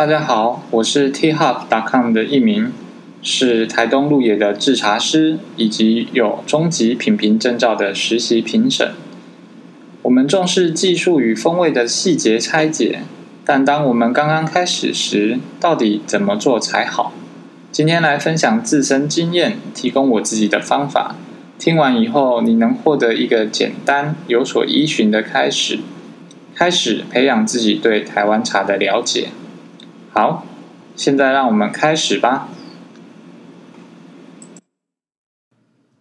大家好，我是 teahof.com 的一明，是台東鹿野的製茶師，以及有中級品評證照的實習評審。我們重視技術與風味的細節拆解，但當我們剛剛開始時，到底怎麼做才好？今天來分享自身經驗，提供我自己的方法。聽完以後，你能獲得一個簡單、有所依循的開始，開始培養自己對台灣茶的了解。好，現在讓我們開始吧。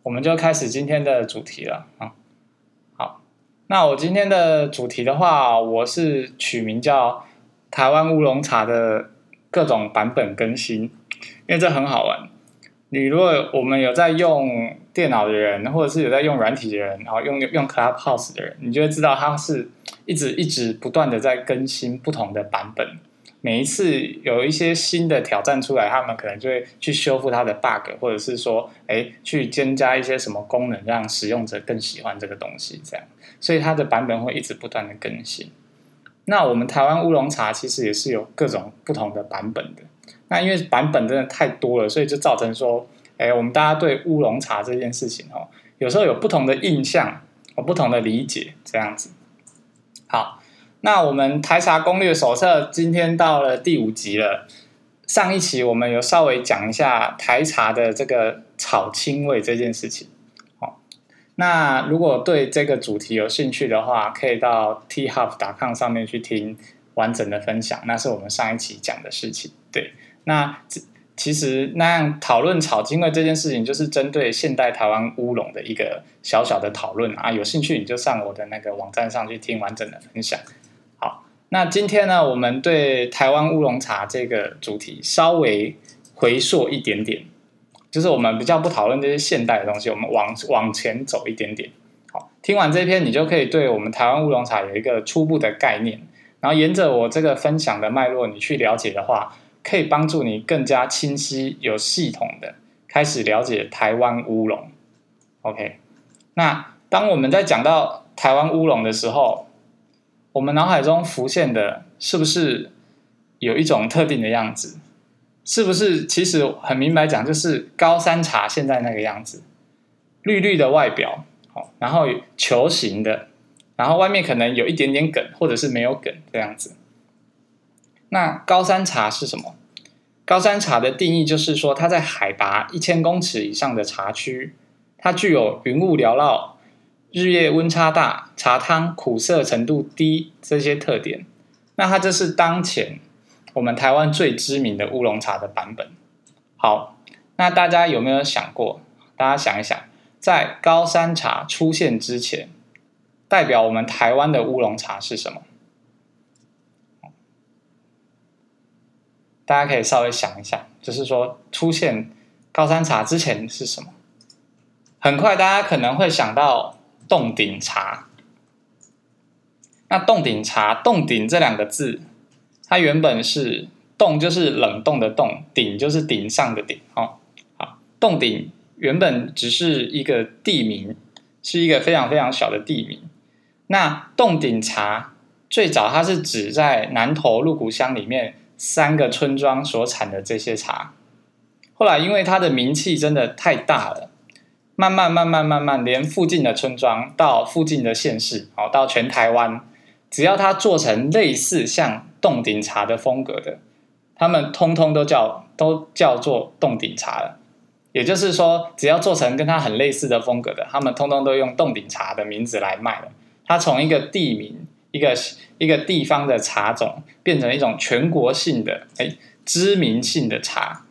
我們就開始今天的主題了，嗯。好，那我今天的主題的話，我是取名叫“台灣烏龍茶的各種版本更新”，因為這很好玩。你如果我們有在用電腦的人，或者是有在用軟體的人，然後用用 Clubhouse 的人，你就會知道，它是一直一直不斷的在更新不同的版本。每一次有一些新的挑戰出來，他們可能就會去修復它的 bug，或者是說，哎、欸，去增加一些什麼功能，讓使用者更喜歡這個東西，這樣。所以它的版本會一直不斷的更新。那我們台灣烏龍茶其實也是有各種不同的版本的。那因為版本真的太多了，所以就造成說，哎、欸，我們大家對烏龍茶這件事情哦，有時候有不同的印象，有不同的理解，這樣子。好。那我們台茶攻略手冊今天到了第五集了。上一期我們有稍微講一下台茶的這個草菁味這件事情。好，那如果對這個主題有興趣的話，可以到 teahof.com 上面去聽完整的分享。那是我們上一期講的事情。對，那其實那樣討論草菁味這件事情，就是針對現代台灣烏龍的一個小小的討論啊。有興趣你就上我的那個網站上去聽完整的分享。那今天呢，我們對台灣烏龍茶這個主題稍微回溯一點點，就是我們比較不討論這些現代的東西，我們往往前走一點點。好，聽完這篇，你就可以對我們台灣烏龍茶有一個初步的概念。然後沿着我這個分享的脈絡，你去了解的話，可以幫助你更加清晰、有系統的開始了解台灣烏龍。OK，那當我們在講到台灣烏龍的時候。我們腦海中浮現的是不是有一種特定的樣子？是不是其實很明白講，就是高山茶現在那個樣子，綠綠的外表，好，然後球形的，然後外面可能有一點點梗，或者是沒有梗這樣子。那高山茶是什麼？高山茶的定義就是說，它在海拔一千公尺以上的茶區，它具有雲霧繚繞。日夜溫差大，茶湯苦澀程度低，這些特點，那它這是當前我們台灣最知名的烏龍茶的版本。好，那大家有沒有想過？大家想一想，在高山茶出現之前，代表我們台灣的烏龍茶是什麼？大家可以稍微想一想，就是說出現高山茶之前是什麼？很快大家可能會想到。凍頂茶，那凍頂茶，凍頂，這兩個字，它原本是凍，就是冷凍的凍，頂就是頂上的頂。哈、哦，好，凍頂原本只是一個地名，是一個非常非常小的地名。那凍頂茶最早它是指在南投鹿谷鄉裡面三個村莊所產的這些茶，後來因為它的名氣真的太大了。慢慢慢慢慢慢，連附近的村莊到附近的縣市，哦，到全台灣，只要它做成類似像凍頂茶的風格的，他們通通都叫都叫做凍頂茶了。也就是說，只要做成跟它很類似的風格的，他們通通都用凍頂茶的名字來賣了。它從一個地名、一個一個地方的茶種，變成一種全國性的哎、欸、知名性的茶，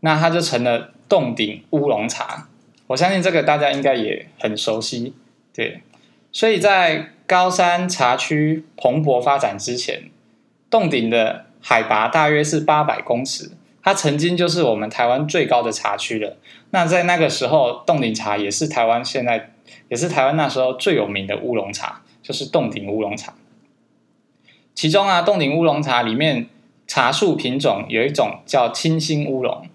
那它就成了凍頂烏龍茶。我相信這個大家應該也很熟悉，對，所以在高山茶區蓬勃發展之前，凍頂的海拔大約是八百公尺，它曾經就是我們台灣最高的茶區了。那在那個時候，凍頂茶也是台灣現在，也是台灣那時候最有名的烏龍茶，就是凍頂烏龍茶。其中啊，凍頂烏龍茶裡面茶樹品種有一種叫青心烏龍，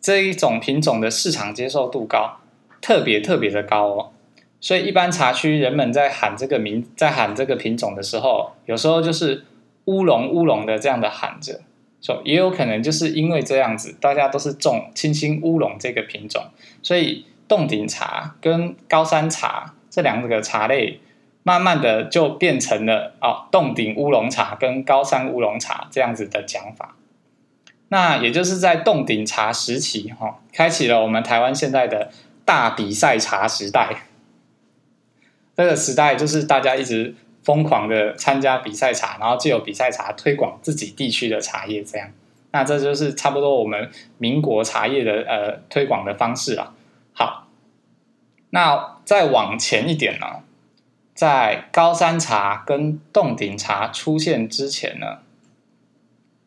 這一種品種的市場接受度高。特別特別的高哦，所以一般茶區人們在喊這個名，在喊這個品種的時候，有時候就是烏龍烏龍的這樣的喊着，說也有可能就是因為這樣子，大家都是種青心烏龍這個品種，所以凍頂茶跟高山茶這兩個茶類，慢慢的就變成了哦、啊，凍頂烏龍茶跟高山烏龍茶這樣子的講法。那也就是在凍頂茶時期哈、哦，開啟了我們台灣現在的。大比賽茶時代，那、這個時代就是大家一直瘋狂的參加比賽茶，然後藉由比賽茶推廣自己地區的茶葉，這樣。那這就是差不多我們民國茶葉的呃推廣的方式了、啊。好，那再往前一點呢、啊，在高山茶跟凍頂茶出現之前呢，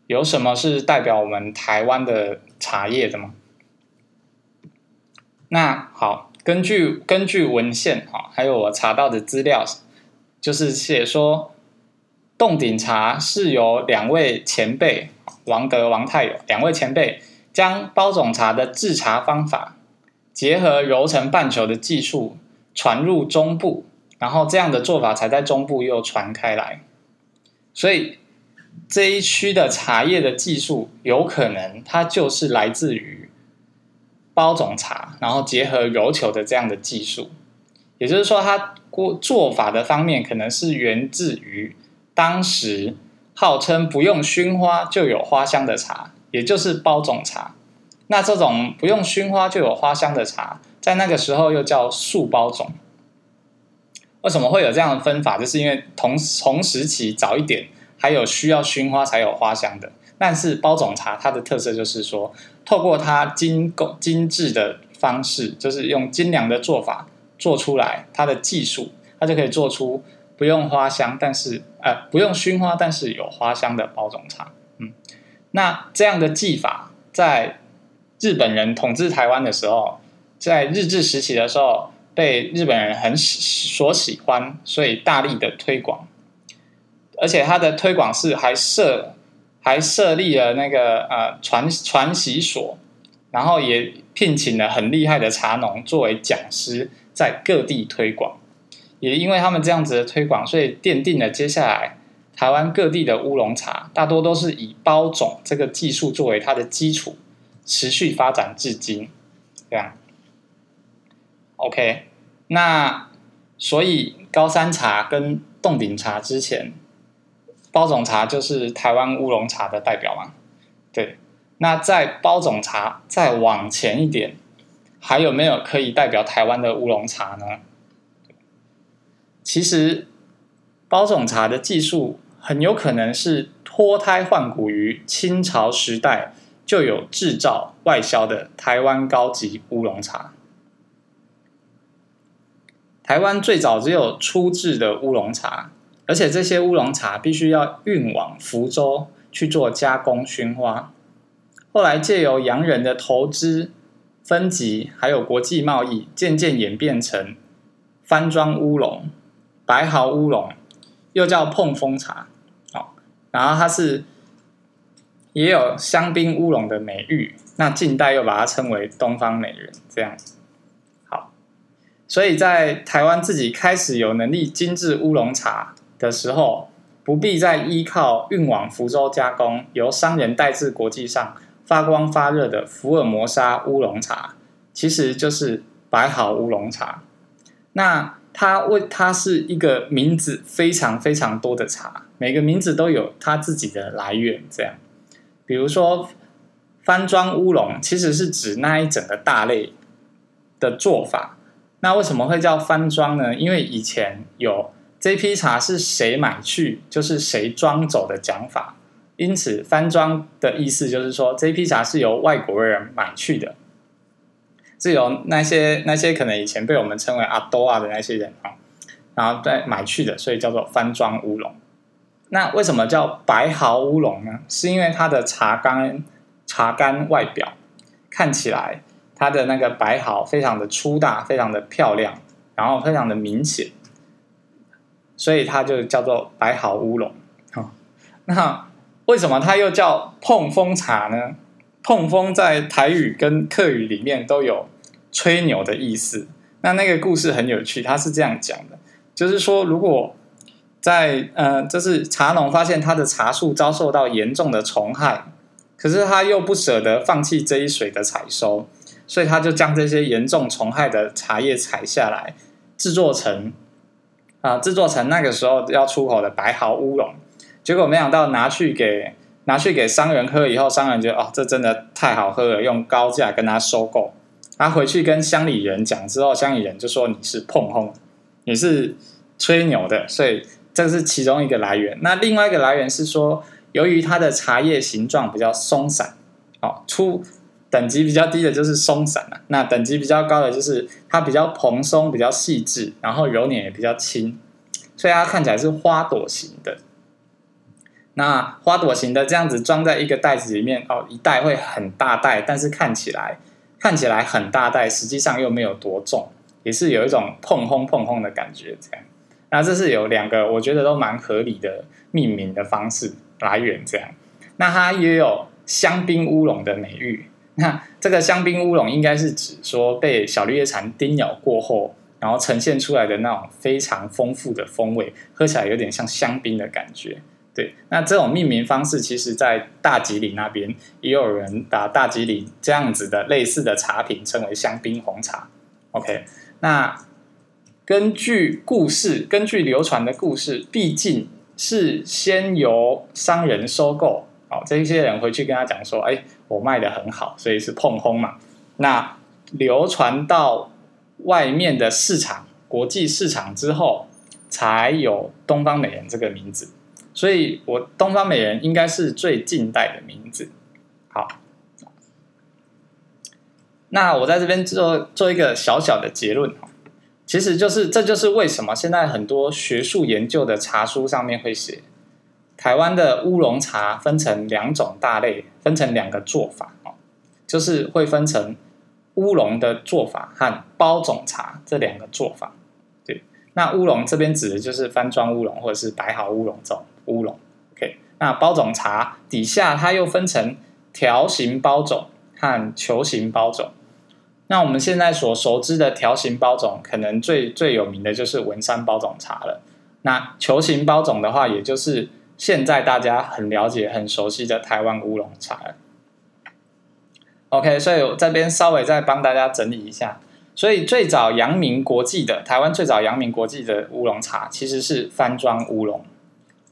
有什麼是代表我們台灣的茶葉的嗎？那好，根據根據文獻哈、哦，還有我查到的資料，就是寫說，凍頂茶是由兩位前輩王德、王泰友兩位前輩將包種茶的制茶方法結合揉成半球的技術傳入中部，然後這樣的做法才在中部又傳開來。所以這一區的茶葉的技術有可能它就是來自於。包種茶，然後結合揉球的這樣的技術，也就是說，它過做法的方面可能是源自於當時號稱不用燻花就有花香的茶，也就是包種茶。那這種不用燻花就有花香的茶，在那個時候又叫素包種。為什麼會有這樣的分法？就是因為同同時期早一點還有需要燻花才有花香的。但是包種茶它的特色就是說，透過它精工精緻的方式，就是用精良的做法做出來，它的技術它就可以做出不用花香，但是呃不用燻花，但是有花香的包種茶。嗯，那這樣的技法在日本人統治台灣的時候，在日治時期的時候，被日本人很喜所喜歡，所以大力的推廣，而且它的推廣是還設。還設立了那個呃傳傳習所，然後也聘請了很厲害的茶農作為講師，在各地推廣。也因為他們這樣子的推廣，所以奠定了接下來台灣各地的烏龍茶大多都是以包種這個技術作為它的基礎，持續發展至今。這樣，啊，OK，那所以高山茶跟凍頂茶之前。包種茶就是台灣烏龍茶的代表嗎？對，那在包種茶再往前一點，還有沒有可以代表台灣的烏龍茶呢？其實包種茶的技術很有可能是脫胎換骨於清朝時代就有製造外銷的台灣高級烏龍茶。台灣最早只有初製的烏龍茶。而且這些烏龍茶必須要運往福州去做加工燻花，後來借由洋人的投資、分級，還有國際貿易，漸漸演變成番莊烏龍、白毫烏龍，又叫碰風茶。好、哦，然後它是也有香檳烏龍的美譽。那近代又把它稱為東方美人，這樣子。好，所以在台灣自己開始有能力精製烏龍茶的時候，不必再依靠運往福州加工，由商人帶至國際上發光發熱的福爾摩沙烏龍茶，其實就是白毫烏龍茶。那它為它是一個名字非常非常多的茶，每個名字都有它自己的來源。這樣，比如說番莊烏龍，其實是指那一整個大類的做法。那為什麼會叫番莊呢？因為以前有。這批茶是誰買去，就是誰裝走的講法。因此，番莊的意思就是說，這批茶是由外國人買去的，是由那些那些可能以前被我們稱為阿斗啊的那些人啊，然後再買去的，所以叫做番莊烏龍。那為什麼叫白毫烏龍呢？是因為它的茶乾茶乾外表看起來，它的那個白毫非常的粗大，非常的漂亮，然後非常的明顯。所以它就叫做白毫烏龍，那為什麼它又叫碰風茶呢？碰風在台語跟客語裡面都有吹牛的意思。那那個故事很有趣，它是這樣講的，就是說，如果在呃，就是茶農發現他的茶樹遭受到嚴重的蟲害，可是他又不捨得放棄這一水的採收，所以他就將這些嚴重蟲害的茶葉採下來，製作成。啊，製作成那個時候要出口的白毫烏龍，結果沒想到拿去給，拿去給商人喝以後，商人覺得哦，這真的太好喝了，用高價跟他收購。他、啊、回去跟鄉里人講之後，鄉里人就說你是膨風，你是吹牛的，所以這是其中一個來源。那另外一個來源是說，由於它的茶葉形狀比較鬆散，哦，出。等級比較低的就是鬆散啊，那等級比較高的就是它比較蓬鬆、比較細緻，然後揉捻也比較輕，所以它看起來是花朵型的。那花朵型的這樣子裝在一個袋子裡面哦，一袋會很大袋，但是看起來，看起來很大袋，實際上又沒有多重，也是有一種碰砰碰砰的感覺。這樣，那這是有兩個我覺得都蠻合理的命名的方式來源。這樣，那它也有香檳烏龍的美譽。那這個香檳烏龍應該是指說被小綠葉蟬叮咬過後，然後呈現出來的那種非常豐富的風味，喝起來有點像香檳的感覺。對，那這種命名方式，其實在大吉嶺那邊也有人把大吉嶺這樣子的類似的茶品稱為香檳紅茶。OK，那根據故事，根據流傳的故事，畢竟是先由商人收購，好，哦，這些人回去跟他講說，哎。我賣得很好，所以是碰烘嘛。那流傳到外面的市場、國際市場之後，才有“東方美人”這個名字。所以，我“東方美人”應該是最近代的名字。好，那我在這邊做做一個小小的結論。其實就是，這就是為什麼現在很多學術研究的茶書上面會寫。台灣的烏龍茶分成兩種大類，分成兩個做法哦，就是會分成烏龍的做法和包種茶這兩個做法。對，那烏龍這邊指的就是番莊烏龍或者是白毫烏龍這種烏龍。OK，那包種茶底下它又分成條形包種和球形包種。那我們現在所熟知的條形包種，可能最最有名的就是文山包種茶了。那球形包種的話，也就是。現在大家很了解、很熟悉的台灣烏龍茶，OK，所以我這邊稍微再幫大家整理一下。所以最早揚名國際的台灣最早揚名國際的烏龍茶其實是番莊烏龍，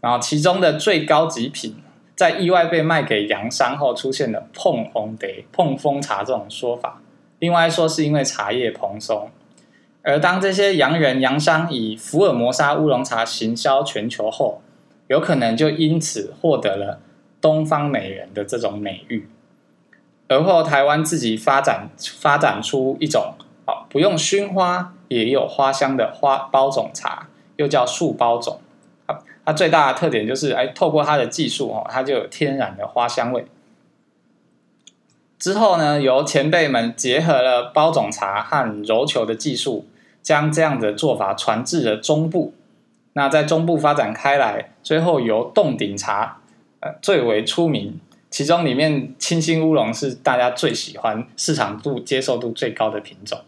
然後其中的最高級品，在意外被賣給洋商後，出現了碰紅、得碰風茶這種說法。另外說是因為茶葉蓬鬆，而當這些洋人洋商以福爾摩沙烏龍茶行銷全球後。有可能就因此獲得了東方美人的這種美譽，而後台灣自己發展發展出一種啊，不用熏花也有花香的花包種茶，又叫樹包種啊。它最大的特點就是哎，透過它的技術哦，它就有天然的花香味。之後呢，由前輩們結合了包種茶和揉球的技術，將這樣的做法傳至了中部。那在中部發展開來，最後，由凍頂茶呃最為出名，其中裡面青心烏龍是大家最喜歡、市場度接受度最高的品種。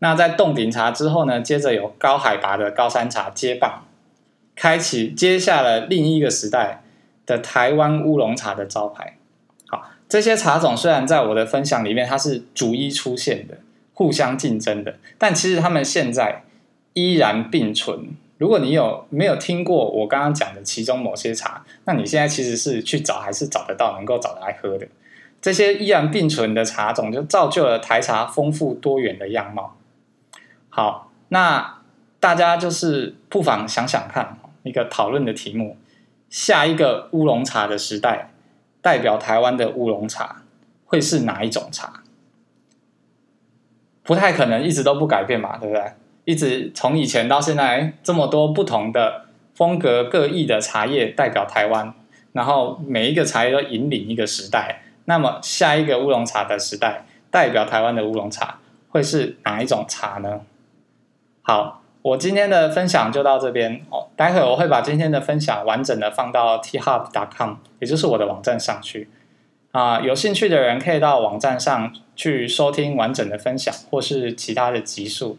那在凍頂茶之後呢，接着有高海拔的高山茶接棒，開啟接下了另一個時代的台灣烏龍茶的招牌。好，這些茶種雖然在我的分享裡面它是逐一出現的、互相競爭的，但其實它們現在依然並存。如果你有沒有聽過我剛剛講的其中某些茶，那你現在其實是去找還是找得到能夠找得來喝的。這些依然並存的茶種，就造就了台茶豐富多元的樣貌。好，那大家就是不妨想想看，一個討論的題目：下一個烏龍茶的時代，代表台灣的烏龍茶會是哪一種茶？不太可能一直都不改變嘛，對不對？一直從以前到現在，這麼多不同的風格各異的茶葉代表台灣，然後每一個茶葉都引領一個時代。那麼下一個烏龍茶的時代，代表台灣的烏龍茶會是哪一種茶呢？好，我今天的分享就到這邊哦。待會我會把今天的分享完整的放到 teahof.com，也就是我的網站上去啊、呃。有興趣的人可以到網站上去收聽完整的分享，或是其他的集數。